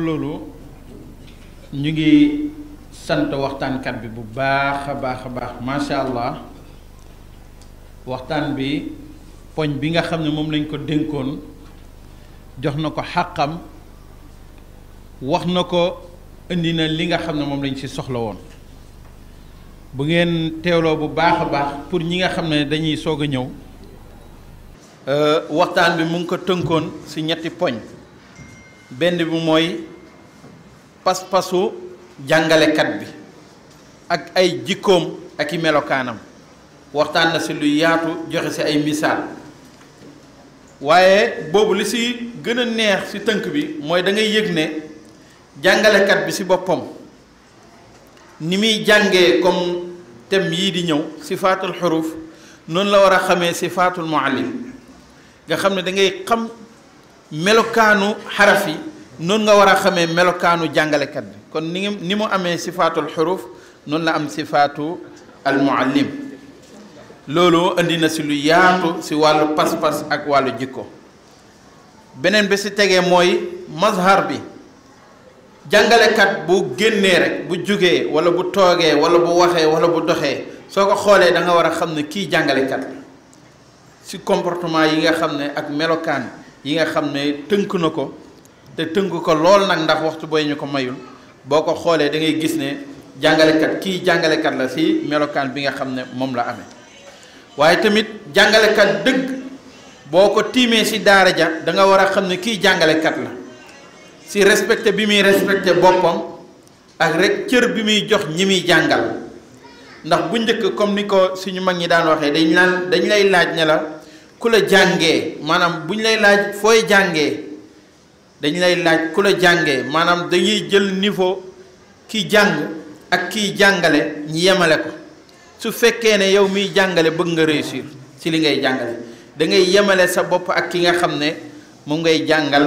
loolu ñu ngi sant waxtaankat bi bu baax a baax a baax allah waxtaan bi poñ bi nga xam ne moom lañ ko dénkoon jox na ko xàqam wax na ko indi na li nga xam ne moom lañ ci soxla woon bu ngeen teewloo bu baax a baax pour ñi nga xam ne dañuy soog a ñëw euh, waxtaan bi mu ngi ko tënkoon si ñetti poñ benn bi mooy pas-pasu jàngalekat bi ak ay jikkoom ak i melokaanam waxtaan na si lu yaatu joxe si ay misaal waaye boobu li si gën a neex ci tënk bi mooy dangay yëg ne jàngalekat bi ci boppam ni muy jàngee comme thème yii di ñëw sifaatul xuruf noonu la war a xamee sifaatul muallim nga xam ne dangay xam melokaanu xarafi نون غورا خمي ملوكانو جانغالي كد كون نيمو أمي صفات الحروف نون لا أم صفات المعلم لولو اندي نسلو ياتو سي والو پاس پاس اك والو جيكو بنين بي سي تيغي موي مظهر بي جانغالي كد بو گيني رك بو جوغي ولا بو توغي ولا بو واخي ولا بو دوخي soko xolé da nga wara xamné ki jangalé kat ci comportement yi nga xamné ak melokan yi nga xamné teunk nako te tënk ko lool nag ndax waxtu booy ñu ko mayul boo ko xoolee dangay gis ne jàngalekat kii jàngalekat la si melokaan bi nga xam ne moom la amee waaye tamit jàngalekat dëgg boo ko tiimee si daara ja danga war a xam ne kii jàngalekat la si respecte bi muy respecté boppam ak rek cër bi muy jox ñi muy jàngal ndax bu njëkk comme ni ko suñu mag ñi daan waxee dañ naan dañ lay laaj ne la ku la jàngee maanaam buñ lay laaj fooy jàngee dañ lay laaj ku la jàngee maanaam dañuy jël niveau ki jàng ak kiy jàngale ñi yemale ko su fekkee ne yow miy jàngale bëgg nga réussir ci li ngay jàngale da ngay yemale sa bopp ak ki nga xam ne mu ngay jàngal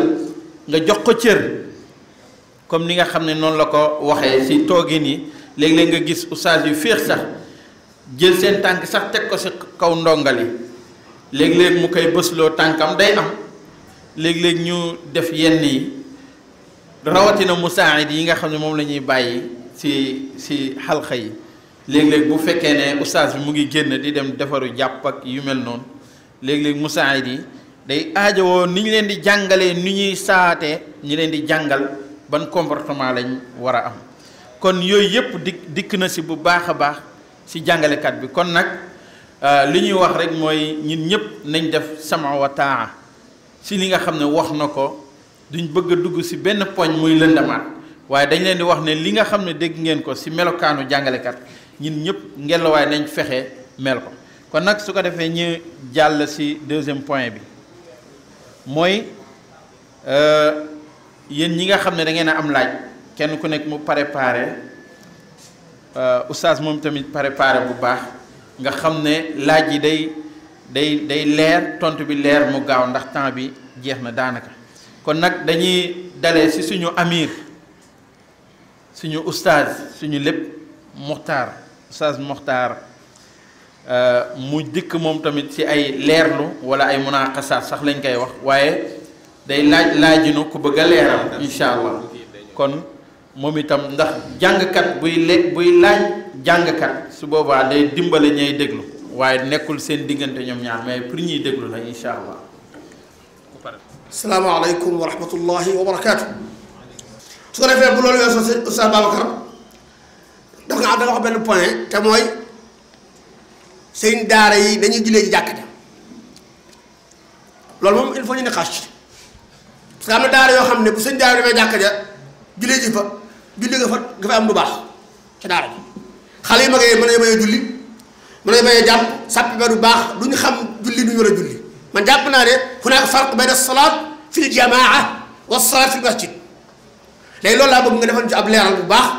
nga jox ko cër comme ni nga xam ne noonu la ko waxee ci toogin yi léeg-léeg nga gis oustaz yu féex sax jël seen tànk sax teg ko ci kaw ndongali léegi léeg mu koy bësloo tànkam day am léegi léeg ñu def yenn yi rawatina musaayid yi nga xam ne moom lañuy bàyyi ci ci xalqa yi léeg-léeg bu fekkee ne ustaas bi mu ngi génn di dem defaru jàpp ak yu mel noonu léeg-léeg musaayid yi day aajowoo ni ñu leen di jàngalee ni ñuy saatee ñi leen di jàngal ban comportement lañ war a am kon yooyu yëpp dik dikk na si bu baax a baax si jàngalekat bi kon nag euh, li ñuy wax rek mooy ñun ñëpp nañ def sama wa si li nga xam ne wax na ko duñ bëgg dugg si benn poñ muy lëndamaat waaye dañu leen di wax ne li nga xam ne dégg ngeen ko si melokaanu jàngalekat ñun ñëpp ngelawaay nañ fexe mel ko kon nag su ko defee ñu jàll si deuxième point bi mooy euh, yéen ñi nga xam ne da ngeen a am laaj kenn ku nekk mu préparé euh, oustaz moom tamit préparé bu baax nga xam ne laaj yi day. day day leer tontu bi leer mu gaaw ndax temps bi jeex na daanaka kon nag dañuy dale ci suñu amir suñu ustaaz suñu lépp muxtaar ustaaz muxtaar euh, mu dikk moom tamit ci ay leerlu walla ay munaqasaat sax lañ koy wax waaye day laaj laajinu ku bëgg a leeral insha allah kon moom itam ndax jàngkat buy le buy laañ jàngkat su boobaa day dimbale ñay déglu waaye nekkul seen diggante ñoom ñaar mais pour ñuy déglu la incha allah. salaamaaleykum wa rahmatullahi wa barakaatu. su ko defee bu loolu weesoo si Oustaz Babacar dafa nga am da nga wax benn point te mooy seen daara yi dañuy jullee ci jàkka ja loolu moom il faut ñu ne xaas ci parce que am na daara yoo xam ne bu seen daara demee jàkka ja jullee ji fa julli nga fa nga fa am lu baax ca daara ji xale yu mag yi mën nañu may julli. mu ne bañ a jàpp sàppi ba du baax du ñu xam julli du ñu war a julli man jàpp naa ne hunaaka farq bayna salaat fil jamaa wa salaat fil masjid léegi loolu laa bëgg nga defal ci ab leeral bu baax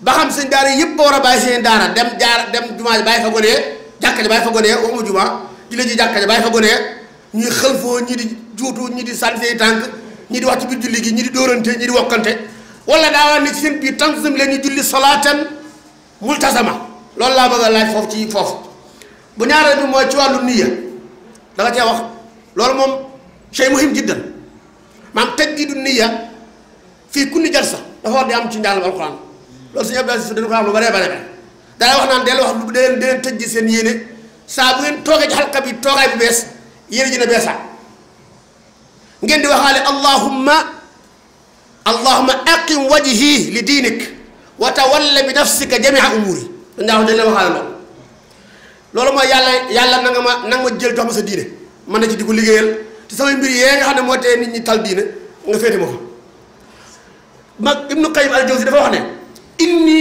ba xam seen daara yëpp ba war a bàyyi seen daara dem jaar dem jumaa ji bàyyi fa gone jàkka ji bàyyi fa gone waxuma jumaa julli ji jàkka ji bàyyi fa gone ñuy xëlfoo ñii di juutu ñii di sànni seen tànk ñii di wax ci biir julli gi ñii di dóorante ñii di wokkante wala daawaa ne ci seen biir tanzim leen ñu julli salaatan multasama loolu laa bëgg a laaj foofu ci foofu bu ñaareel bi mooy ci wàllu niya da nga cee wax loolu moom shay muhim jiddan maam teg gi du niya fii kulli jalsa dafa war di am ci njàngam alxuraan loolu suñu abdou aziz dañu ko am lu bëree bëri dana wax naan del wax lu da leen da leen tëj seen yéene saa bu ngeen toogee ci xalqa bi toogaay bi bees yéene ji na beesaat ngeen di waxaale allahumma allahumma aqim wajhi li diinik wa tawalla bi nafsika jamia umuri ndax dañ la waxal loolu lolu mooy yàlla yàlla nanga ma na ma jël jox sa diine man na ci diko ko ci sama mbir ye nga xamne mo moo nit ñi tal diine nga féete ma fa ibnu qayyim al jawzi dafa wax ne inni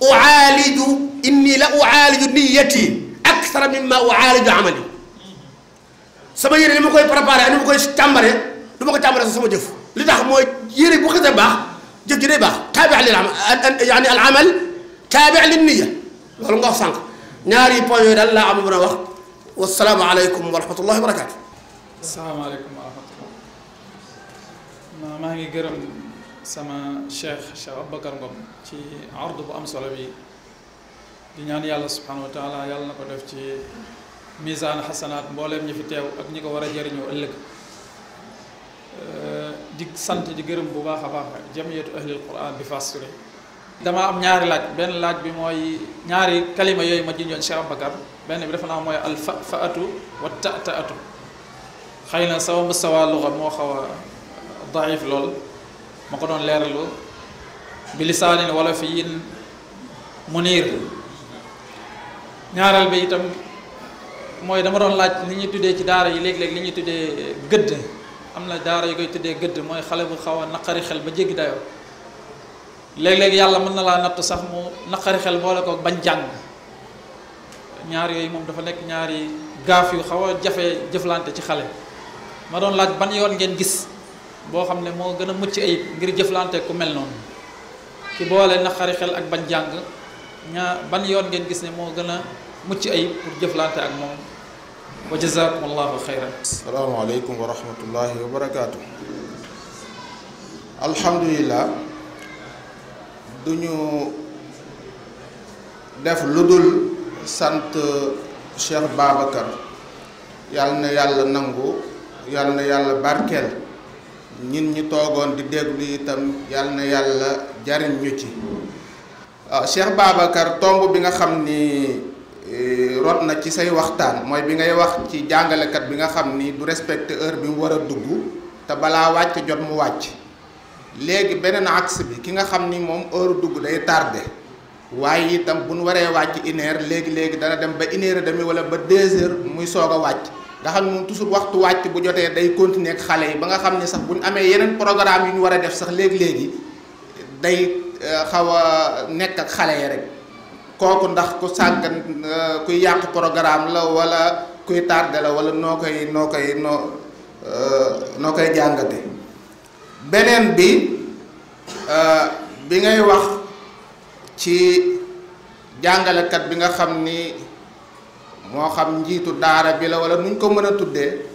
u'alidu inni la u'alidu niyyati akthara mimma u'alidu amali sama yére ni ma koy préparé ak ni ma koy càmbare du ma ko càmbare sama jëf li tax moy yére bu xëdë baax jëf ji day baax taabi lil amal yaani al amal taabi lin niyyah لولو نغا سانك نياري بوين يي دال لا ام بنا واخ والسلام عليكم ورحمه الله وبركاته السلام عليكم ورحمه الله ما ماغي غرم سما شيخ شباب بكر غوم تي عرض بو ام صلو بي دي نيان يالله سبحانه وتعالى يالله نكو ديف تي ميزان حسنات مبولم ني في تيو اك نيكو ورا جيرنيو الك ا دي سانت دي غرم بو باخا باخا جمعيه اهل القران بفاسوري dama am ñaari laaj benn laaj bi mooy ñaari kalima yooyu ma junjoon Cheikh Ababacar benn bi dafa naa mooy al fa fa atu wa ta ta atu xëy na sama mustawa luga moo xaw a daif lool ma ko doon leeralu bi lisaanin wala fi yin muniir ñaareel bi itam mooy dama doon laaj li ñuy tuddee ci daara yi léeg-léeg li ñuy tuddee gëdd am na daara yi koy tuddee gëdd mooy xale bu xaw a naqari xel ba jéggi dayoo léeg-léeg yàlla mën na laa natt sax mu naqari xel boole ko bañ jàng ñaar yooyu moom dafa nekk ñaari gaaf yu xaw a jafe jëflante ci xale ma doon laaj ban yoon ngeen gis boo xam ne moo gën a mucc ayib ngir jëflante ku mel noonu ki boole ak bañ jàng ban yoon ngeen gis ne moo gën a mucc ayib pour jëflante ak moom wa jazakum allahu xayran asalaamaaleykum wa rahmatullahi wa barakaatu du ñu def lu dul sant Cheikh Babacar yàlla na yàlla nangu yàlla na yàlla barkeel ñin ñi toogoon di déglu itam yàlla na yàlla jariñ ñu ci waaw ah, Cheikh Babacar tomb bi nga xam ni eh, rot na ci say waxtaan mooy bi ngay wax ci jàngalekat bi nga xam ni du respecté heure bi mu war a dugg te balaa wàcc jot mu wàcc léegi beneen axe bi ki nga xam ni moom heure dugg day tardé waaye itam bu nu waree wàcc une léegi léegi dana dem ba une heure et demie wala ba deux heures muy soog a wàcc nga xam ne moom toujours waxtu wàcc bu jotee day continuer ak xale yi ba nga xam ne sax bu ñu amee yeneen programme yu ñu war a def sax léegi léegi day euh, xaw a nekk ak xale yi rek kooku ndax ku sàggan euh, kuy yàq programme la wala kuy tardé la wala noo koy noo koy noo euh, noo koy jàngate. beneen bi euh, bi ngay wax ci jàngalekat bi nga xam ni moo xam njiitu daara bi la wala nuñ ko mën a tuddee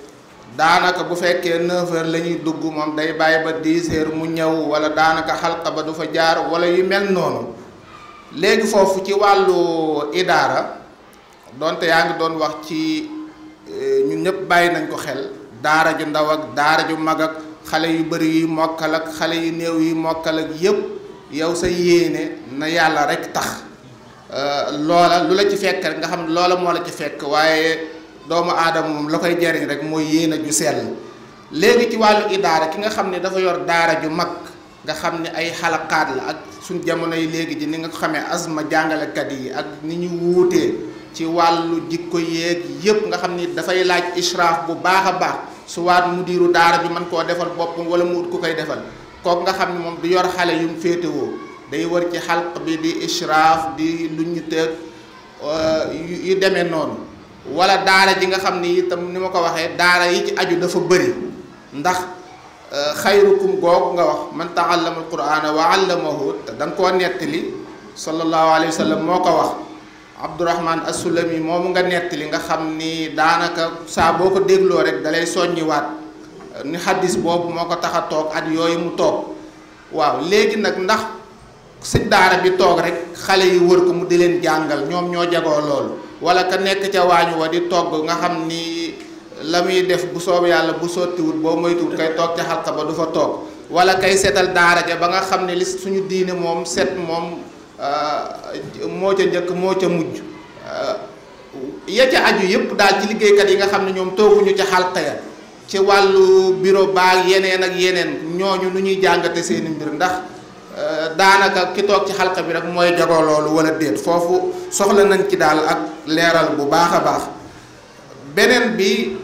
daanaka bu fekkee neuf heures la ñuy dugg moom day bàyyi ba dix heures mu ñëw wala daanaka xalq ba du fa jaar wala yu mel noonu léegi foofu ci wàllu idaara donte yaa ngi doon wax ci euh, ñun ñëpp bàyyi nañ ko xel daara ju ndaw ak daara ju mag ak xale yu bari yu mokkal ak xale yu néew yu mokkal ak yëpp yow sa yéene na yàlla rek tax euh, loola lu la ci fekk rek nga xam loola moo la ci fekk waaye doomu aadama moom la koy jariñ rek mooy yéene ju sell léegi ci wàllu idaara ki nga xam ne dafa yor daara ju mag nga xam ne ay xalakaat la ak suñ jamono yi léegi ji ni nga ko xamee asma jàngalekat yi ak ni ñu wuutee ci wàllu jikko yéeg yëpp nga xam ni dafay laaj israaf bu baax a baax suwaat mu diiru daara bi mën koo defal boppam wala mu ut ku koy defal kook nga xam ne moom du yor xale yu mu féetewoo day wër ci xalq bi di ishraaf di lu ñu euh, yu demee noonu wala daara ji nga xam ni itam ni ma ko waxee daara yi ci aju dafa bëri ndax euh, xayrukum googu nga wax man taallama alqurana wa allamahu te da koo nettali sallallahu alayhi wa sallam moo ko wax Abdourahman As-Sulami moomu nga nettali nga xam ni daanaka saa boo ko dégloo rek dalay soññiwaat ni xaddis boobu moo ko tax a toog at yooyu mu toog waaw léegi nag ndax sëñ daara bi toog rek xale yi wër ko mu di leen jàngal ñoom ñoo jagoo loolu wala ka nekk ca waañu wa di togg nga xam ni la muy def bu soob yàlla bu sottiwut boo moytuwut kay toog ca xalka ba du fa toog wala kay seetal daara ja ba nga xam ne li suñu diine moom set moom Euh, moo ca njëkk moo ca mujj euh, ya ca aju yëpp daal ci liggéeykat yi nga xam ne ñoom tooguñu ca xalqa ya ci wàllu bureau baag yeneen ak yeneen ñooñu nu ñuy jàngate seeni mbir ndax euh, daanaka ki toog ci xalqa bi rek mooy jagoo loolu wala déet foofu soxla nañ ci daal ak leeral bu baax a baax beneen bi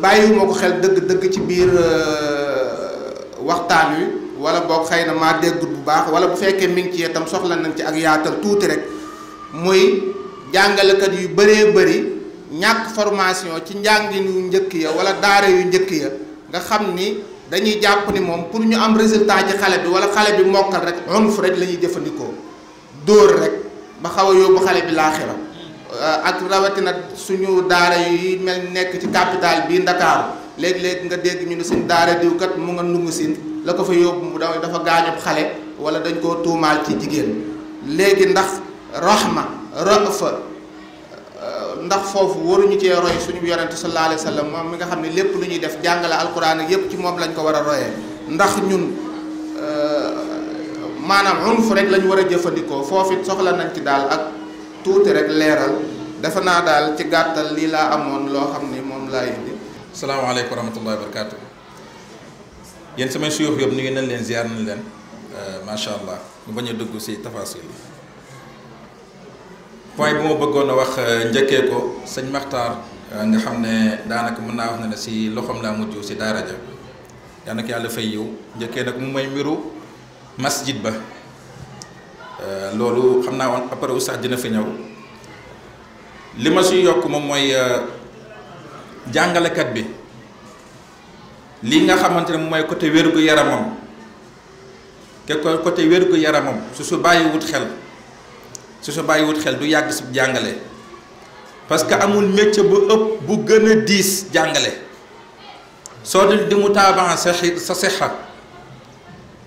bàyyiwuma ko xel dëgg-dëgg ci biir waxtaan wi wala boog xëy na maa déggut bu baax wala bu fekkee mi ngi ci itam soxla nañ ci ak yaatal tuuti rek muy jàngalekat yu bëree bëri ñàkk formation ci njàngin yu njëkk ya wala daara yu njëkk ya nga xam ni dañuy jàpp ni moom pour ñu am résultat ci xale bi wala xale bi mokkal rek onf rek la ñuy jëfandikoo dóor rek ba xaw a yóbbu xale bi laaxira euh, ak rawatina suñu daara yi mel nekk ci capital bii Ndakaaru léegi-léegi nga dégg ñu ne suñ daara diw kat mu nga la ko fa yóbbu mu dafa gaañub xale wala dañ koo tuumaal ci jigéen léegi ndax rahma rafa ndax foofu waruñu cee roy suñu yonente sallallahu alayhi wa sallam moom mi nga xam ne lépp lu ñuy def jàngale alquran ak yépp ci moom lañ ko war a royee ndax ñun maanaam unf rek lañ war a jëfandikoo foofu it soxla nañ ci daal ak tuuti rek leeral dafa naa daal ci gàttal lii laa amoon loo xam ni moom laa indi. salaamaaleykum wa rahmatullahi wa barakatuh yéen samay suyoof yëpp nuyu nañ leen ziar nañ leen macha allah ñu bañ a dugg si tafasil point bu ma bëggoon a wax euh, njëkkee ko sëñ Maxtaar euh, nga xam ne daanaka mën naa wax na ne si loxoom laa mujj si daara ja daanaka yàlla fay yiw njëkkee nag mu may mbiru masjid ba euh, loolu xam naa woon après sax dina fi ñëw li ma si yokk moom mooy jàngalekat bi. li nga xamante ne mooy côté wérgu yaramam te côté wérgu yaramam su su bàyyi wut xel su su bàyyiwut xel du yàgg si jàngale parce que amul métier bu ëpp bu gën a diis jàngale soo dul di mu taaban sa sa sexa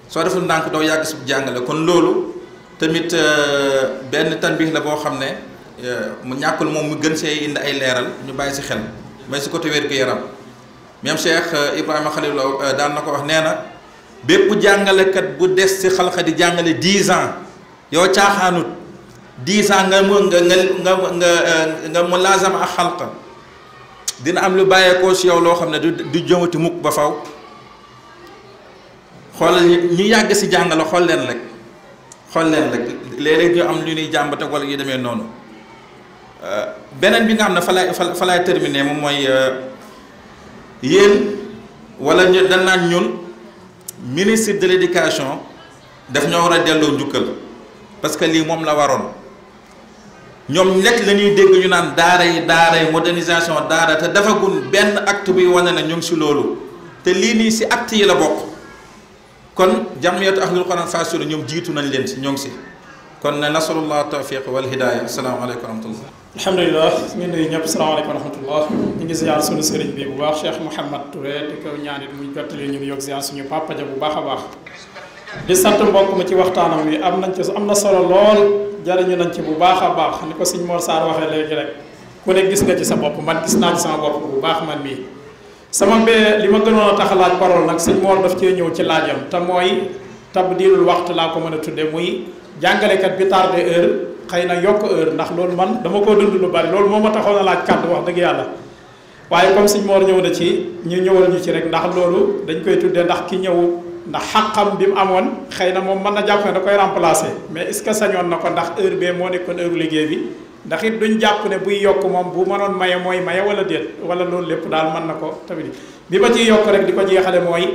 soo deful ndànk doo yàgg si jàngale kon loolu tamit euh, benn tanbih la boo xam ne euh, mu ñàkkul moom mu gën see indi ay leeral ñu bàyyi si xel may si côté wérgu yaram même Cheikh eh, Ibrahima Khalil eh, daan na ko wax nee na bépp jàngalekat bu des ci xalxa di jàngale dix ans yow caaxaanut dix ans nga mu nga nga nga nga eh, nga mu laazama ak xalqa dina am lu bàyyeekoo ci yow loo xam ne du du jëmati mukk ba faw xoolal ñu yàgg si jàngale xool leen rek xool leen rek léeg-léeg ñu am lu ñuy jàmbate wala yu demee noonu beneen bi nga xam ne fa fa laay terminer moom mooy. il wala dañ ministre de l'éducation daf ñoo wara parce que li mom la waron ñom lekk lañuy des ñu naan daara yi daara yi modernisation daara te dafagul ben acte bi wone na ñu ci lolu te li ni ci acte yi la vie. kon ahlul quran nañ kon ne nasalullah tawfiq wal hidaaya asalaamaaleykum wa rahmatullah alhamdulilah ñu nuyu ñëpp salaamaaleykum wa rahmatullah ñu ngi ziar suñu sëriñ bi bu baax Cheikh Mouhamad Touré di ko ñaanit muy jottali ñu yokk ziar suñu papa ja bu baax baax di sant mbokk mi ci waxtaanam wi am nañ ci am na solo lool jariñu nañ ci bu baax a baax ni ko sëñ Mor Sarr waxee léegi rek ku ne gis nga ci sa bopp man gis naa ci sama bopp bu baax man mii sama mbé li ma gënoon a tax laaj parole nag sëñ Mor daf cee ñëw ci laajam te mooy tabdilul waxtu laa ko mën a tudde muy jàngalekat bi tardé heure xëy na yokk heure ndax loolu man dama koo dund lu bari loolu moo ma taxoon a laaj kàddu wax dëgg yàlla waaye comme suñ moor ñëw na ci ñu ñëwal ñu ci rek ndax loolu dañ koy tuddee ndax ki ñëw ndax xàqam bi mu amoon xëy na moom mën na jàpp ne da koy remplacer mais est ce que sañoon na ko ndax heure bee moo nekkoon heure liggéey bi ndax it duñ jàpp ne buy yokk moom bu mënoon maye mooy maye wala déet wala loolu lépp daal man na ko tamit bi ma ciy yokk rek di ko jeexale mooy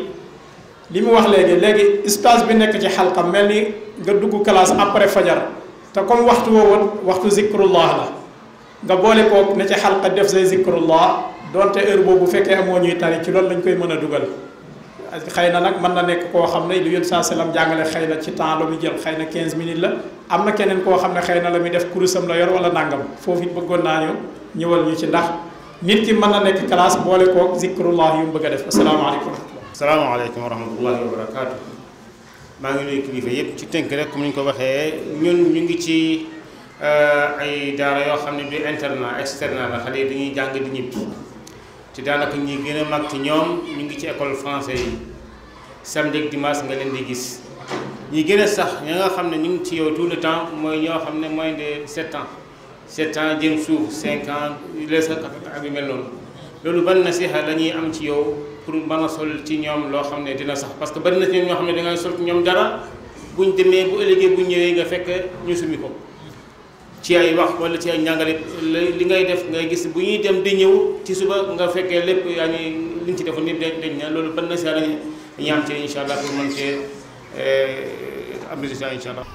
limu wax legi legi stage bi nek ci halqa melni ni nga dugg classe après fajar ta comme waxtu wo won waxtu zikrullah la nga bolé ko na ci halqa def say zikrullah donte heure bobu fekke amoo ñuy tari ci loolu lañ koy mëna duggal xeyna nak man na nek ko xamne ne lu yén saa salaam jàngale xeyna ci temps lu mu jël xeyna 15 minutes la amna keneen ko xamne xeyna xëy la muy def kurusam la yor wala nangam fofu it bëggoon naa ñu ñëwal ñu ci ndax nit ki man na nek classe bolé ko zikrullah yu bëgg def assalamu alaykum salaamaaleykum wa rahmatullahi wa barakaatu. maa ngi nuyu kilifa yëpp ci tënk rekk comme ni ko waxee ñun ñu ngi ci euh, ay daara yoo xam ne du internat externat la xale yi dañuy jàng di ñibbi te daanaka ñi gën a mag ci ñoom ñu ngi ci école français yi samedi ak dimanche nga leen di gis. ñi gën a sax ñi nga xam ne ñu ngi ci yow tout le temps mooy ñoo xam ne moins de 7 ans 7 ans jëm suuf 5 les ak ak mel noonu loolu ban nasiha la am ci yow. pour mën a sol ci ñoom loo xam ne dina sax parce que bari na ci ñoom ñoo xam ne dangay sol ci ñoom dara buñ demee bu ëllëgee bu ñëwee nga fekk ñu sumi ko ci ay wax wala ci ay njàngale li ngay def ngay gis bu ñuy dem di ñëw ci suba nga fekkee lépp yaa ngi liñ ci defoon nit dañ na loolu ban na si yàlla ñu am ci incha allah pour mën cee eh, am résultat incha allah.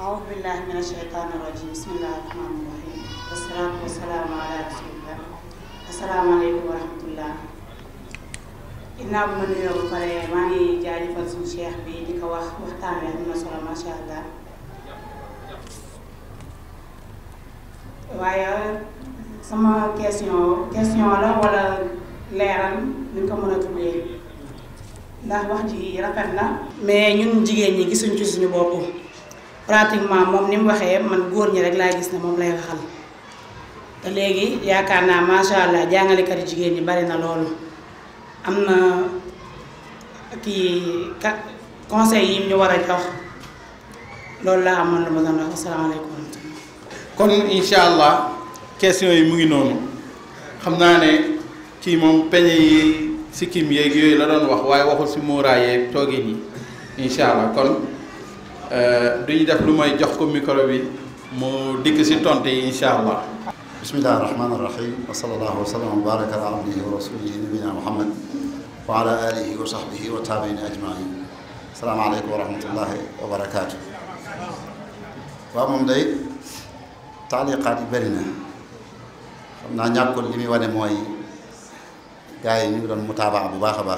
aouzu billahi mina shaytaani rajim bismillahi rahmaani rahim wasalaatu wasalaamu ginnaaw bi ya ma nuyoo ba pare maa ngi jaajëfal suñu cheikh bi di ko wax waxtaan wi am na ya, solo macha allah waaye sama question question la wala leeral ni ko mën a tuddee ndax wax ji rafet na. mais ñun jigéen ñi gisuñ ci suñu bopp pratiquement moom ni mu waxee man góor ñi rek laa gis ne moom lay waxal te léegi yaakaar naa macha allah jàngalekat jigéen ñi bari na loolu. am na kii kat conseil yi ñu war a jox loolu laa amoon lu ma doon wax asalaamaaleykum. kon incha allah question yi mu ngi noonu xam naa ne kii moom peñe yi sikkim yeeg yooyu la doon wax waaye waxul si muuraay yeeg toogin yi incha allah kon euh, duñu def lu may jox ko micro bi mu dikk si tontu yi incha allah. بسم الله الرحمن الرحيم وصلى الله وسلم وبارك على عبده ورسوله نبينا محمد وعلى آله وصحبه وتابعين أجمعين السلام عليكم ورحمة الله وبركاته وأمم دي تعليقات برنا xamnaa نقول لي وانا موي جاي نقول المتابعه ñu باخ. doon mutaabaa bu baax a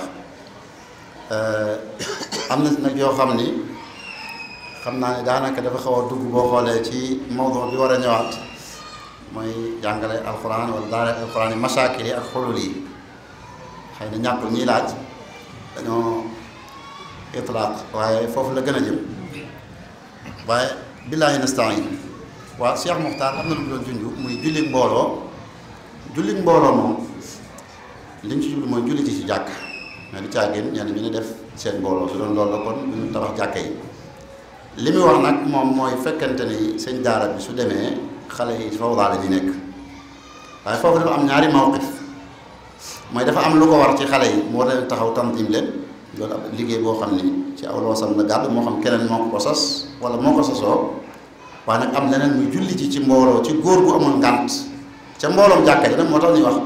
baax am na nag yoo xam ni xam naa ne mooy jàngale alxuraan wala daara alxuraan yi masaakil yi ak xulul yi xëy na ñàkkul ñiy laaj dañoo itlaaq waaye foofu la gën a jëm waaye billaahi nastaan yi waaw Cheikh Muxtaar am na lu doon junj muy julli mbooloo julli mbooloo moom li ñu ci jublu mooy julli ci ci jàkk mais du caagin ñenn ñu def seen mbooloo su doon loolu la kon ñu tabax jàkka yi li muy wax nag moom mooy fekkente ni seen daara bi su demee خليه يتفاوض على دينك هاي فوق دابا من عاري موقف ما دافع عمل لوكو ورا تي خليه مور تاخو تنظيم لين لول ليغي بو خامني تي اول وصلنا غاد مو خام كلام مو كوساس ولا مو كوساسو وانا ام لنن مي جولي تي تي مورو تي غور بو امون غانت تي مبولم جاكاي دا موتا ني واخ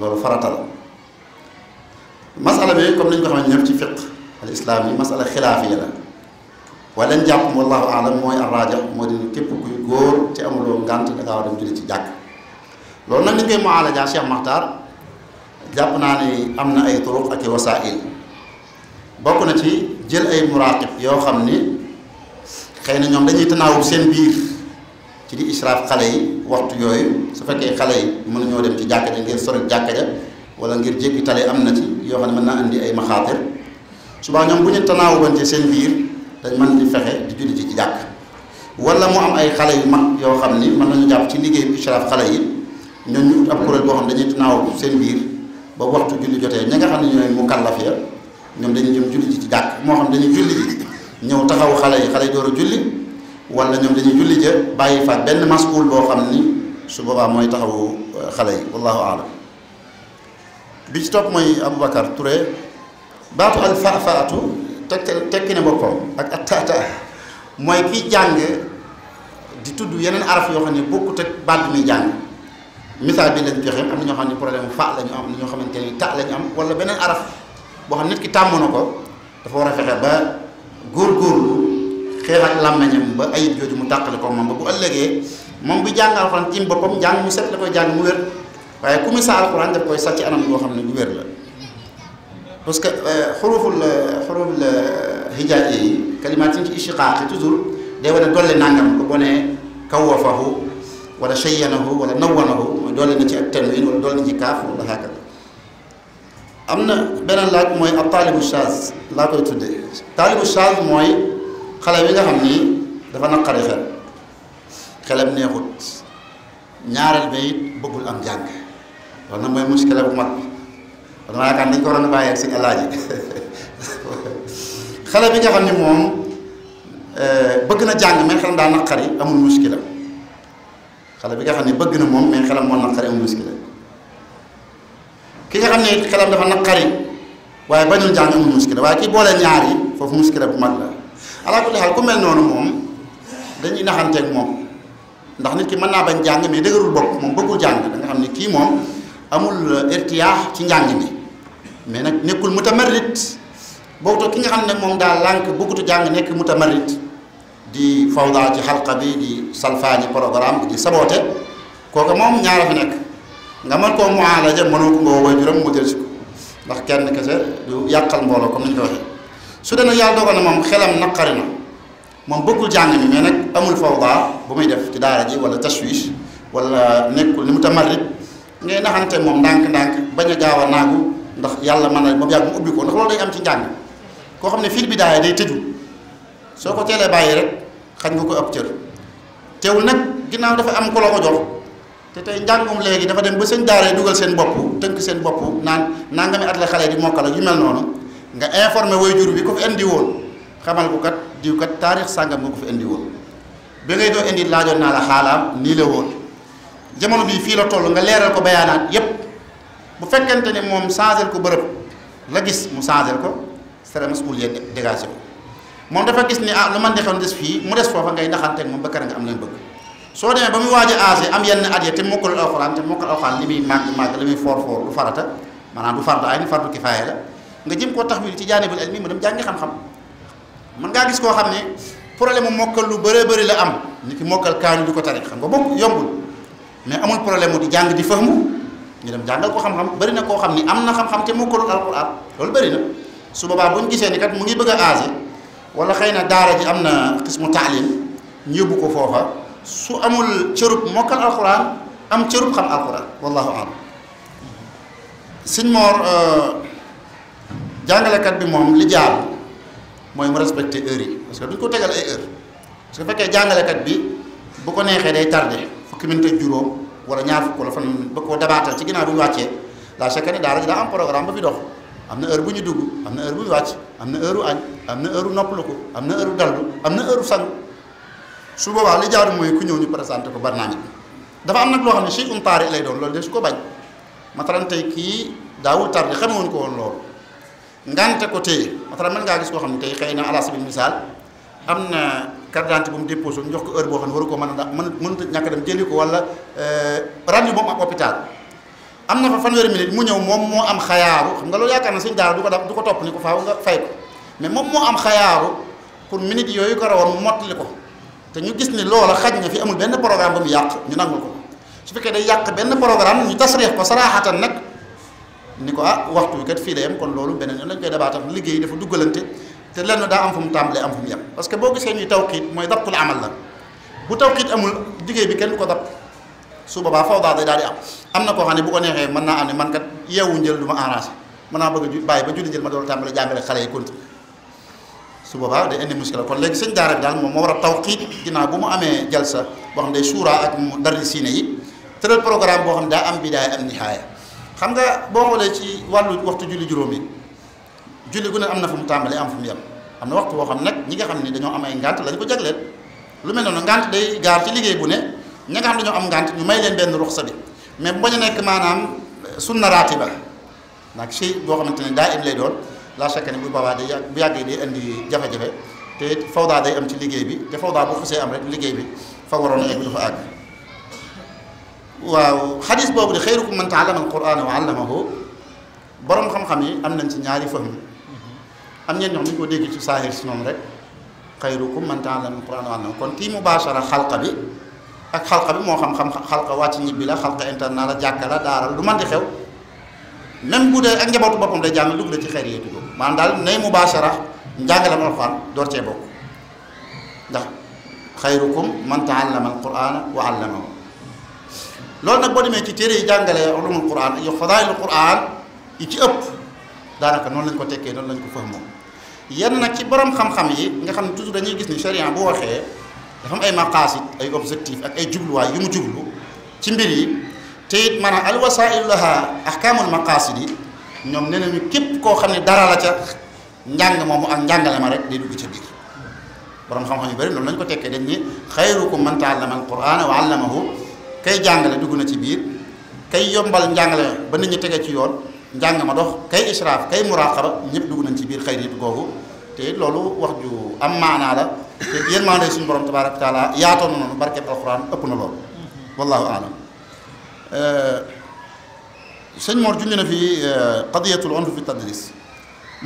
لول فراتا مساله بي كوم نين كو خام نيب تي فقه الاسلامي مساله خلافيه لا ولن جاب والله اعلم موي الراجح مودي كيب كوي góor te amuloo ngànt da ngaa war a dem julli ci jàkk loolu nag ni koy muaalaja Cheikh Makhtar jàpp naa ni am na ay turuq ak i wasaa'il bokk na ci jël ay muraqib yoo xam ni xëy na ñoom dañuy tanaawul seen biir ci di israaf xale yi waxtu yooyu su fekkee xale yi mën ñoo dem ci jàkka ja ngir sori jàkka ja wala ngir jéggi tale amna na ci yoo xam ne mën naa andi ay maxaatir subaa ñoom bu ñu tanaawuloon ci seen biir dañ mën di fexe di julli ci jàkk ولا مو أم أي خالد ما يو خامني ما نجاب تني جي بشرف خالد نيجي أب كورل بوهم دنيا تناو سنبير بوه تجولي جتاي نيجا خامني نيجي مكان لفيا نيجي دنيا نيجي جولي جي داك مو خام دنيا جولي جي نيجي تكاو خالد خالد دورو جولي ولا نيجي دنيا جولي جي باي فا بن مسؤول بوه خامني سبوا ما يتكاو خالد والله أعلم بيشتوب ماي أبو بكر توري بعد الفاء فاتو تك تكينه بكم أتاتا mooy kiy jàng di tudd yeneen araf yoo xam ne bokkut ak baat mi jàng misaal bi lañ joxe am na ñoo xam ne problème fa la ñu am na ñoo xamante ne ta la ñu am wala beneen araf boo xam nit ki tàmmoon na ko dafa war a fexe ba góorgóorlu xeex ak làmmeñam ba ayib jooju mu tàqale ko moom ba bu ëllëgee moom bu jàng alxuraan ci boppam jàng mu set la koy jàng mu wér waaye ku misaal alxuraan daf koy sàcc anam yoo xam ne bu wér la parce que euh, xuruful euh, xuruful euh, hijaaj yi kalimaat yi ci ishiqaaqi toujours day wane dolle nangam ko boo nee kawafahu wala shayyanahu wala nawwanahu mooy doole na ci ak tenwin wala doole na ci am na beneen laaj mooy ab taalibu chaz laa koy tuddee taalibu chaz mooy xale bi nga xam nii dafa naqari xel xelam neexut ñaareel ba it bëggul am jàng loolu nag mooy muskila bu mag bi kon maanaam dañ ko waroon a bàyyi ak si alaaji xale bi nga xam ne moom euh, bëgg na jàng mais xelam daa naqari amul muskila xale bi nga xam ne bëgg na moom mais xelam moo naqari amul muskila ki nga xam ne xelam dafa naqari waaye bañul jàng amul muskila waaye ki boole ñaar yi foofu muskila bu mag la ala kulli xaal ku mel noonu moom dañuy naxanteeg moom ndax nit ki mën naa bañ jàng mais dëgërul bopp moom bëggul jàng da xam ne kii moom amul euh, irtiyaax ci njàng mi mais nag nekkul mutamarrit bokkut ki nga xam ne moom daal lànk bëggutu jàng nekk mutamarit di fawda ci xalqa bi di salfaañi programme bi di saboote kooku moom ñaara fi nekk nga man koo mu alaja mënoo ko nga woowee juróom mu jël si ko ndax kenn kese du yàqal mbooloo comme ni ko waxee su dee nag yàlla dogal moom xelam naqari moom bëggul jàng mi mais nag amul fawda bu muy def ci daara ji wala tashwish wala nekkul ni mutamarit ngay naxante moom ndànk-ndànk bañ a gaaw a naagu ndax yàlla mën na ba yàgg mu ubbi ko ndax loolu day am ci njàng. koo xam ne fil bidaaya day tëju soo ko teelee bàyyi rek xañ nga ko ab cër teewul nag ginnaaw dafa am ku la ko jox te tey njàngum léegi dafa dem ba seen daara dugal seen bopp tënk seen bopp naan nangami at la xale di mokkal ak yu mel noonu nga informé waajur bi ko fi indi woon xamal ko kat diw kat taarix sàngam nga ko fi indiwoon woon bi ngay doo indi laajoon naa la xaalaam nii la woon jamono bii fii la toll nga leeral ko bayaanaat yépp bu fekkente ne moom changer ko bërëb la gis mu changer ko sa la masuliya dégagé wu moom dafa gis ni ah lu man defoon des fii mu des foofa ngay naxanteeg moom ba kër nga am lañ bëgg soo demee ba muy waaj a âgé am yenn at ya te mokkal alxuraan te mokkal alxuraan li muy màgg màgg li muy foor foor du farata maanaam du fardu ay ni fardu kifaaya la nga jëm koo ci ilmi mu dem xam-xam gis problème lu la am ni ki mokkal kaanu di ko tari xam nga bokk yombul mais amul problème di jàng di fahmu ñu dem jangal ko xam-xam bëri na koo xam ni am na xam-xam te mokkalul alxuraan loolu na su boobaa bu ñu gisee ni kat mu ngi bëgg a aasi wala xëy na daara ji am na xismu taalim ñu yóbbu ko foofa su amul cërub mokkal alquran am cërub xam alquran wallahu alam sëñ Mor euh, jàngalekat bi moom li jaar mooy mu respecté heure yi parce que duñ ko tegal ay heure parce que fekkee jàngalekat bi bu ko neexee day tardé fukki minute ak juróom wala ñaar fukk wala fan ba koo dabaatal ci ginnaaw bi ñu wàccee laa chaque année daara ji daa am programme ba fi dox am na heure bu ñu dugg am na heure bu ñu wàcc am na heure u añ am na heure u noppaluku am na heure u dallu am na heure u sangu su boobaa li jaaru mooy ku ñëw ñu présenté ko barnaamit bi dafa am na loo xam ne si um taari lay doon loolu de ko bañ matalan tey kii daawul tardi xamewuñ ko woon loolu ngante ko téye matalan mën ngaa gis koo xam ne tey xëy na ala sabil misaal am na carte d'identité bu mu déposé ñu jox ko heure boo xam ne waru ko mën a mënut a ñàkk dem jëli ko wala euh, rendu boobu ak hôpital am na fa fanweeri minute mu ñëw moom moo am xayaaru xam nga loolu yaakaar na suñ daara du ko daf du ko topp ni ko faaw nga fay ko mais moom moo am xayaaru pour minute yooyu ko rawoon mu mottali ko te ñu gis ni loola xaj na fi amul benn programme ba mu yàq ñu nangul ko su fekkee day yàq benn programme ñu tasriix ko saraaxatan nag ni ko ah waxtu kat fii la yem kon loolu beneen yoon lañ koy dabaatal liggéey dafa duggalante te lenn daa am fu mu tàmbalee am fu mu yem parce que boo gisee ñuy tawqiit mooy dabtul amal la bu tawqiit amul liggéey bi kenn du ko dapp su boobaa fawda day daal di am am na koo xam ne bu ko neexee mën naa am ne man kat yeewu njël du ma arrangé mën naa bëgg bàyyi ba julli njël ma doon tàmbale jàngale xale yi konti su boobaa day indi muskila kon léegi sëñ daara bi daal moom moo war a tawqiit ginnaaw bu mu amee jalsa boo xam ne suura ak mu dari siine yi tëral programme boo xam ne daa am bidaaya am nihaaya xam nga boo xoolee ci wàllu waxtu julli juróom yi julli gu ne am na fu mu tàmbali am fu mu yem am na waxtu boo nag ñi nga xam ne dañoo am ay ngànt lañ ko jagleel lu mel noonu ngànt day gaar ci liggéey bu ne ñi nga xam ne am ngànt ñu may leen benn ruxsa bi mais bu ñu a nekk maanaam sunna ratiba nak ci bo xamanteni da im lay doon la chaque ni bu baba day yàgg bu yàggee day andi jafe-jafe te fawda day am ci liggéey bi te fawda bu xasee am rek liggéey bi fa waroon a egg fa ag waaw hadith bobu de khayrukum man taallama alqurana wa allamahu borom xam-xam yi am nañ ci ñaari fahm am ñen ñoo ñu ko dégg ci sahir sunum rek khayrukum man taallama alqurana wa allamahu kon kii mubashara khalqa bi ak xalqa bi moo xam-xam xalqa wàcc ñibbi la xalqa internat la jàkka la daaral lu man di xew même bu dee ak njabootu boppam day jàng dugg na ci xeer yee dugg maanaam daal nay mubaashara njàngale ma alxuraan door cee bokk ndax xayrukum man taallama alqurana wa allamahu boo demee ci téere yi jàngale ulumul quran ak yo fadailul ci ëpp daanaka noonu lañ ko tekkee noonu lañ ko fahmoo yenn nag ci borom xam-xam yi nga xam ne toujours dañuy gis ni sharia bu waxee dafa am ay maqaasid ay objectif ak ay jubluwaay yu mu jublu ci mbir yi te it maanaam al wasailu laha ahkaamul maqaasid yi ñoom nee nañu képp koo xam ne dara la ca njàng moom ak njàngale ma rek day dugg ca biir borom xam-xam yu bari loolu lañ ko tekkee dañ ni xayrukum man taallama al qurana wa allamahu kay jàngale dugg na ci biir kay yombal njàngale ba nit ñi tegee ci yoon njàng ma dox kay israaf kay muraqaba ñëpp dugg nañ ci biir xayr yëpp googu te loolu wax ju am maanaa la te yërmande suñu borom tabaaraka wa taala yaatoon na noonu barkeb alxuraan ëpp na loolu wallahu alam sëñ Mor junj na fi qadiyatul unf fi tadris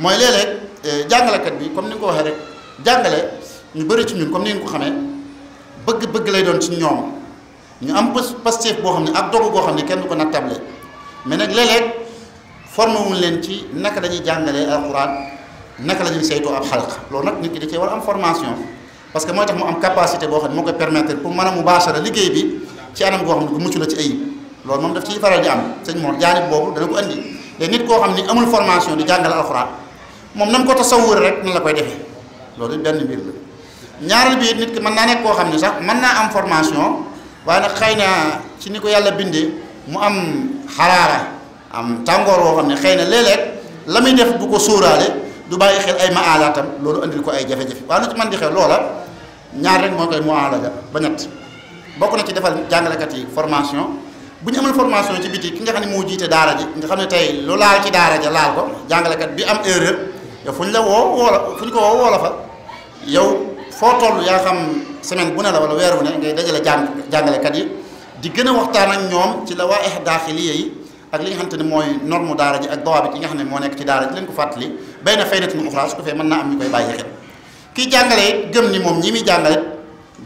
mooy léeg-léeg jàngalekat bi comme ni nga ko waxee rek jàngale ñu bëri ci ñun comme ni nga ko xamee bëgg-bëgg lay doon ci ñoom ñu am pastéef boo xam ne ak dogu goo xam ne kenn du ko nattable mais nag léeg-léeg formé wuñ leen ci naka dañuy jàngalee alxuraan naka la ñuy saytoo ab xalq loolu nag nit ki da war am formation parce que mooy tax mu am capacité boo xam ne moo koy permettre pour mën a mubaasara liggéey bi ci anam goo xam ne bu mucc la ci ayib loolu moom daf ciy faral di am sëñ moom jaanib boobu dana ko andi te nit koo xam ni amul formation di jàngal alxuraan moom nam ko tasawur rek nan la koy defe loolu benn mbir la ñaareel bi nit ki mën nekk koo xam ne sax man naa am formation waaye nag xëy na ci ni ko yàlla bindee mu am xaraara am tàngoor woo xam ne xëy na léeg-léeg la muy def ko sóoraale du bàyyi xel ay maalaatam loolu andil ko ay jafe-jafe waaye lu ci di xew loola ñaar rek moo koy muaalaja ba ñett bokk na ci defal jàngalekat yi formation bu ñu amul formation ci biti ki nga xam ne moo jiite daara ji nga xam ne tey lu laal ci daara ja laal ko jàngalekat bi am erreur yow fu ñu la woo woo la fu ñu ko woo woo fa yow foo toll yaa xam semaine bu ne la wala weer ne ngay dajale jàng jàngalekat yi di gën a waxtaan ak ñoom ci la waa ex daaxiliya ak li nga xamante ne mooy norme daara ji ak dawaabit yi nga xam ne moo nekk ci daara ji leen ko fàttali bay na faydatun uxraa su ko fee mën naa am ñu koy bàyyi xel kii jàngale gëm ni moom ñi muy jàngale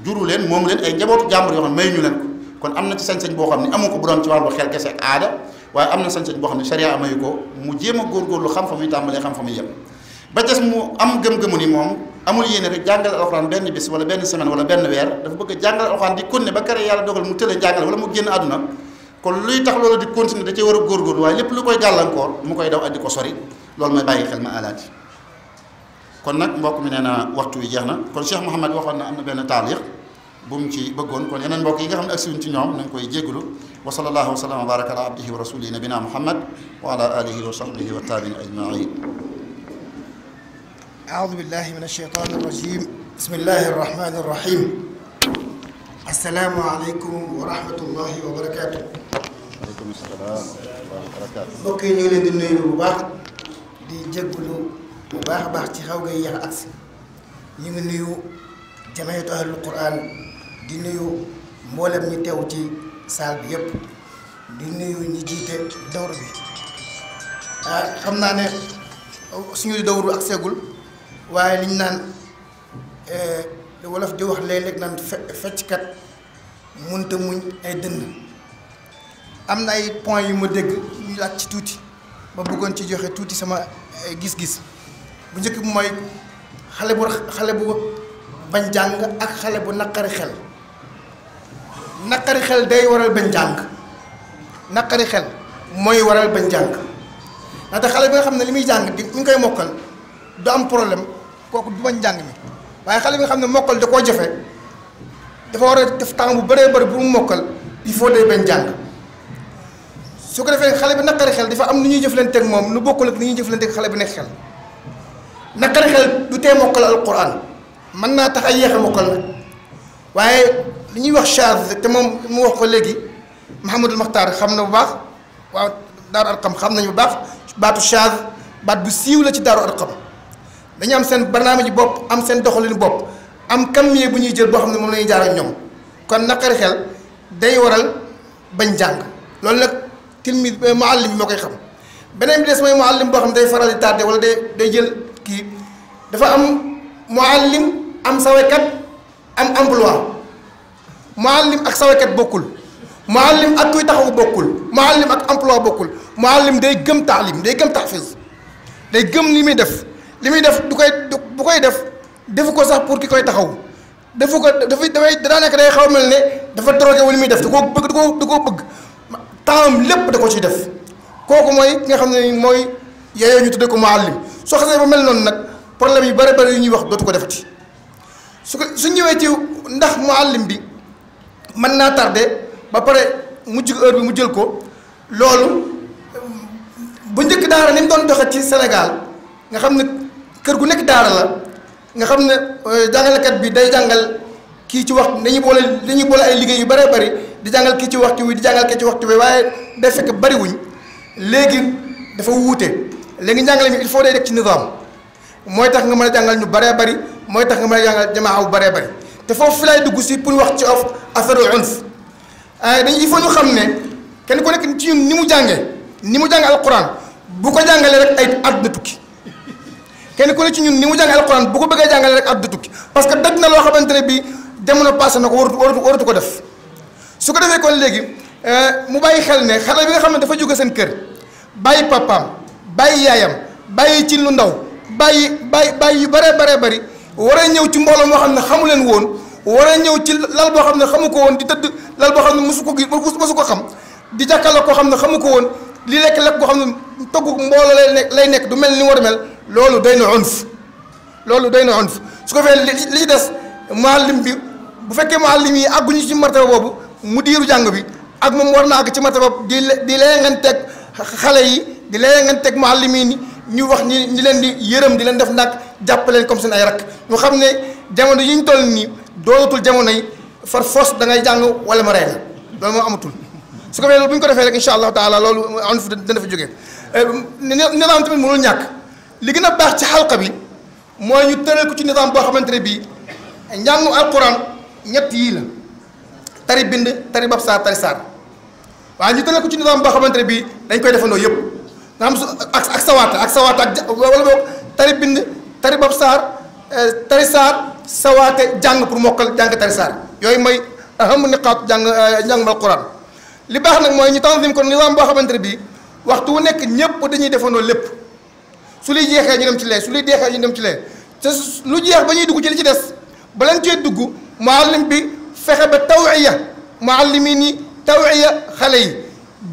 juru leen moom leen ay njabootu jàmbur yoo xam ne may ñu leen ko kon am na ci sañ-sañ boo xam ne amu ko bu doon ci wàllu xel kese ak aada waaye am na sañ-sañ boo xam ne sharia amayu ko mu jéem a góorgóorlu xam fa muy tàmbalee xam fa muy yem ba des mu am gëm-gëmu ni moom amul yéene rek jàngale alxuraan benn bis wala benn semaine wala benn weer dafa bëgg a jàngale alxuraan di kunne ba kare yàlla dogal mu tële jàngale wala mu génn àdduna kon luy tax loolu di continuer da cee war a góorgóorlu waaye lépp lu koy gàllankoor mu koy daw ak di ko sori loolu mooy bàyyi xel ma alaati kon nag mbokk mi nee na waxtu wi jeex na kon Cheikh Mouhamed waxoon na am na benn taalix ci bëggoon kon yeneen mbokk yi nga xam ak suñ ci ñoom nañ koy jégalu wa sallallahu wa sallam wa baraka ala abdihi wa rasulihi nabina Muhammad wa ala alihi wa sahbihi wa tabiin ajmain أعوذ بالله من الشيطان الرجيم بسم الله الرحمن الرحيم asalaamualeykum wa rahmatullahi wa barakaatu. yi ñu ngi leen di nuyu bu baax di jégalu bu baax a baax ci xaw nga yéex a ñu ngi nuyu jamaatu ahlul quran di nuyu mboolem ñi teew ci saal bi yépp di nuyu ñi jiite dawru bi ah xam naa ne suñuy dawru ak waaye liñ naan. Eh, wolof di wax léeg-léeg naan fecckat munta muñ ay dënn am na ay point yu ma dégg ñu laaj ci tuuti ma bëggoon ci joxe tuuti sama eh, gis-gis bu njëkk bi mooy xale bu xale bu bañ jàng ak xale bu naqari xel naqari xel day waral bañ jàng naqari xel mooy waral bañ jàng ndaxte xale bi nga xam ne li muy jàng di mi ngi koy mokkal du am problème kooku du bañ jàng mi waaye xale bi nga xam ne mokkal da koo jafe dafa war a def temps bu bëree bëri bu mu mokkal il faut day bañ jàng su ko defee xale bi naqari xel dafa am nu ñuy jëflanteeg moom lu bokkul ak ni ñuy jëflanteeg xale bi nekk xel naqari xel du tee mokkal alquran mën naa tax ay yéex a mokkal nag waaye li ñuy wax charge te moom mu wax ko léegi Mouhamadul Makhtar xam na bu baax waaw daaru arqam xam nañu bu baax baatu charge baat bu siiw la ci daaru arqam dañu am seen barnaamiji bopp am seen doxalinu bopp am camion bu ñuy jël boo xam ne moom la ñuy jaar ak ñoom kon naqari xel day waral bañ jàng loolu nag tilmi euh, muallim bi moo koy xam beneen bi des mooy muallim boo xam ne day faral di tardé wala day day jël kii dafa am muallim am sawekat am emploi muallim ak sawekat bokkul muallim ak kuy taxaw bokkul muallim ak emploi bokkul muallim day gëm taalim day gëm tahfiz day gëm li muy def li muy def du koy bu koy def defu ko sax pour ki koy taxaw defu ko dafay dafay daa nekk day xaw mel ne dafa drogué wu li muy def da koo bëgg da koo da koo bëgg temps lépp da ko ciy def kooku mooy ki nga xam ne mooy yeyoo ñu tuddee ko muallim soo xasee ba mel noonu nag problème yu bari bari yu ñuy wax dootu ko defati su ko su ñëwee ci ndax muallim bi mën naa tardé ba pare mu mujj heure bi mu jël ko loolu bu njëkk daara ni mu doon doxe ci senegal nga xam ne. kër gu nekk daara la nga xam ne euh, jàngalekat bi day jàngal kii ci wax dañuy boole dañuy boole ay liggéey yu bëree bari di jàngal kii ci waxtu wi di jàngal kii ci waxtu wi waaye day fekk bariwuñ léegi dafa wuute léegi jàngale mi il faut day rek ci nizaam mooy tax nga mën a jàngal ñu bëree bari mooy tax nga mën a jàngal jamaa bu bëree bëri te foofu fi lay dugg si pour wax ci of affaire unf euh, dañuy il faut ñu xam ne kenn ku nekk ci ñun ni mu jànge ni mu jàngee alquran bu ko jàngalee rek ay àdduna tukki. kenn ku ne ci ñun ni mu jàng alquran bu ko bëggee jàngale rek addu tukki parce que daj na loo xamante ne bii jamono passé na ko waratu waratu ko def su ko defee kon léegi euh, mu bàyyi xel ne xale bi nga xam ne dafa jóge seen kër bàyyi papaam bàyyi yaayam bàyyi ci lu ndaw bàyyi bàyyi bàyyi yu bare bare bari war a ñëw ci mbooloo moo xam ne xamu leen woon war a ñëw ci lal boo xam ne xamu ko woon di tëdd lal boo xam ne mosu ko gi mosu ko xam di jàkkaarloo koo xam ne xamu ko woon li lekk lekk boo xam ne togg mbooloo lay nekk lay nekk du mel ni war a mel loolu day na unf loolu day na unf su ko fee li ci des maalim bi bu fekkee maalim yi àgguñu ci martaba boobu mu diiru jàng bi ak moom war na àgg ci martaba di di lee ngeen teg xale yi di lee ngeen teg maalim yi ñu wax ñi ñi leen di yërëm di leen def nag jàppaleen comme seen ay rakk ñu xam ne jamono yi ñu toll nii doonatul jamono yi far force da ngay jàng wala ma rey la loolu moo amatul su ko fee loolu bu ñu ko defee rek incha allahu taala loolu unf dana fa jógee ne ne tamit mënul ñàkk li gën a baax ci xalqa bi mooy ñu tëral ko ci nizaam boo xamante ne bii njàngu alquran ñett yii la tari bind tari bab saar tari saar waaye ñu tëral ko ci nizaam boo xamante ne bii dañ koy defandoo yëpp nga ak ak ak sawaata ak wala bind tari bab eh, saar tari sawaate jàng pour mokkal jàng tari saar yooyu mooy aham niqaat jàng eh, njàngum alquran li baax nag mooy ñu tanzim ko nizaam boo xamante ne bii waxtu wu nekk ñëpp dañuy defandoo lépp su luy jeexee ñu dem ci lee su luy deexee ñu dem ci lee lu jeex ba ñuy dugg ci li ci des ba leen cee dugg muallim bi fexe ba tawiya muallimin yi tawiya xale yi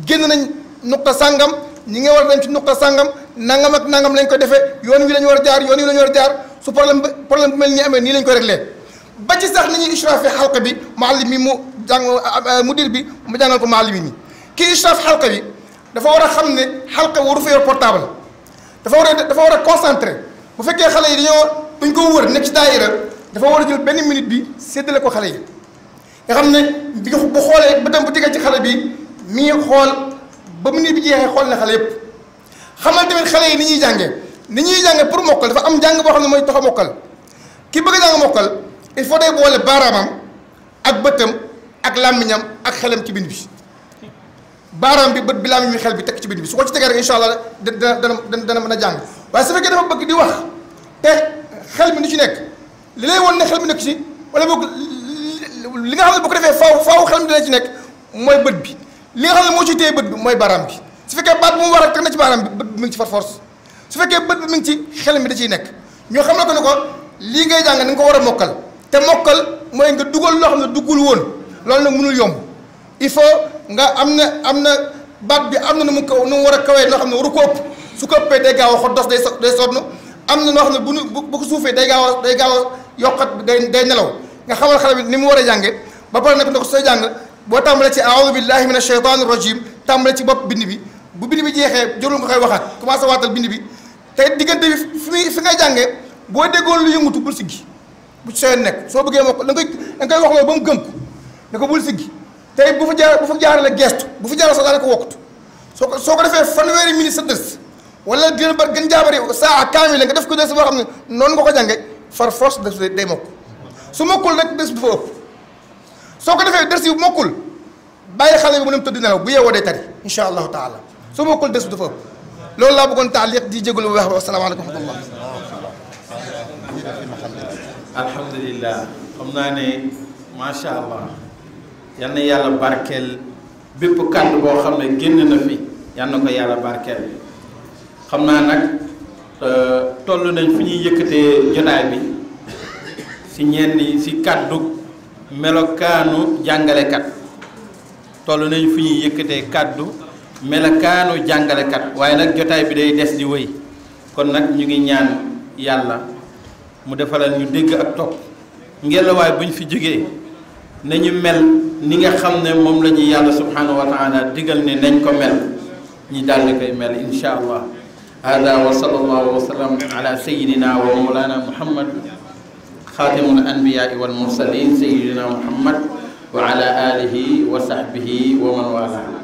génn nañ nuqta sàngam ñi nga war a dem ci nuqta sàngam nangam ak nangam lañ ko defee yoon wi lañ war a jaar yoon wi lañ war a jaar su problème problème bu mel nii amee nii lañ ko réglé ba ci sax ni ñuy israafe xalqa bi muallim mi mu jàng euh, mudir bi mu jàngal ko muallimin yi kii israaf xalqa bi dafa war a xam ne xalqa waru fa yor portable dafa war a dafa war a concentré bu fekkee xale yi dañoo dañ ko wër nekk ci daayira dafa war a jël benn minute bi séddale ko xale yi nga xam ne bi nga bu xoolee bëtam bu diggee ci xale bi mi ngi xool ba minute bi jeexee xool na xale yëpp xamal tamit xale yi ni ñuy jàngee ni ñuy jàngee pour mokkal dafa am jàng boo xam ne mooy tax a mokkal ki bëgg a jàng mokkal il faut day boole baaraamam ak bëtam ak làmmiñam ak xelam ci bind bi baaraam bi bët bi laam mi xel bi teg ci bind bi su ko ci tegee rek incha allah dana dana dana a jàng waaye su fekkee dafa bëgg di wax te xel mi du ci nekk li lay woon ne xel mi nekk ci wala boog li nga xam ne bu ko defee faaw faaw xel mi dina ci nekk mooy bët bi li xam ne moo ci téye bët bi mooy baaraam bi su fekkee baat bu a teg na ci baaraam bi bët bi mi ngi ci fekkee bët bi mi ci xel mi da ciy nekk ñoo xam ne ko ne ko lii ngay jàng ni nga ko war a mokkal te mokkal mooy nga dugal loo xam ne duggul woon loolu nag mënul yomb il faut nga am na am na baat bi am na nu mu kaw nu mu war a kawee noo xam ne waru ko ëpp su ko ëppee day gaaw a xot dos day day sonn am na noo xam ne bu nu bu ko suufee day gaaw a day gaaw a yokkat day day nelaw nga xamal xale bi ni mu war a jànge ba pare nag na ko sooy jàng boo tàmbalee ci aoudu billahi min ashaytani rajim tàmbalee ci bopp bind bi bu bind bi jeexee jarul nga koy waxaat commencé waatal bind bi te diggante bi fi muy fi ngay jàngee boo déggoon lu yëngutu bul siggi bu ci sooy nekk soo bëggee moo ko da nga wax loo ba mu gëm ko ko bul siggi tey bu fa jaar bu fa jaarale gestu bu fa jaarale sax daanaka wokkut soo ko soo ko defee fanweeri minute sa dërs wala gën a bar gën jaabari saa kaamil nga def ko dërs boo xam ne noonu nga ko jànge far force dërs day mokk su mokkul rek dërs bu fa ëpp soo ko defee dërs yi mokkul bàyyi xale bi mu dem tëdd nelaw bu yeewoo day tari insha allahu taala su mokkul dërs bu dafa ëpp loolu laa bëggoon taaliq di jégalu bu baax ba asalaamaaleykum wa rahmatullah alhamdulilah xam naa ne macha allah yal na yàlla barkeel bépp kàddu boo xam ne génn na fi yal na yàlla barkeel xam naa nag euh, toll nañu fu ñuy yëkkatee jotaay bi si ñenn si kàddu melokaanu jàngalekat toll nañ fu ñuy yëkkatee kàddu melokaanu jàngalekat waaye nag jotaay bi day des di wéy kon nag ñu ngi ñaan yàlla mu defalal ñu dégg ak topp ngelawaay bu ñu fi jógee. nañu mel ni nga xam ne moom la ñu yàlla subhanahu wa taala digal ne nañ ko mel ñi daal di koy mel insha allah hada wa sallallahu wa sallam ala sayidina wa mawlana muhammad خاتم الأنبياء والمرسلين سيدنا محمد وعلى آله وصحبه ومن والاه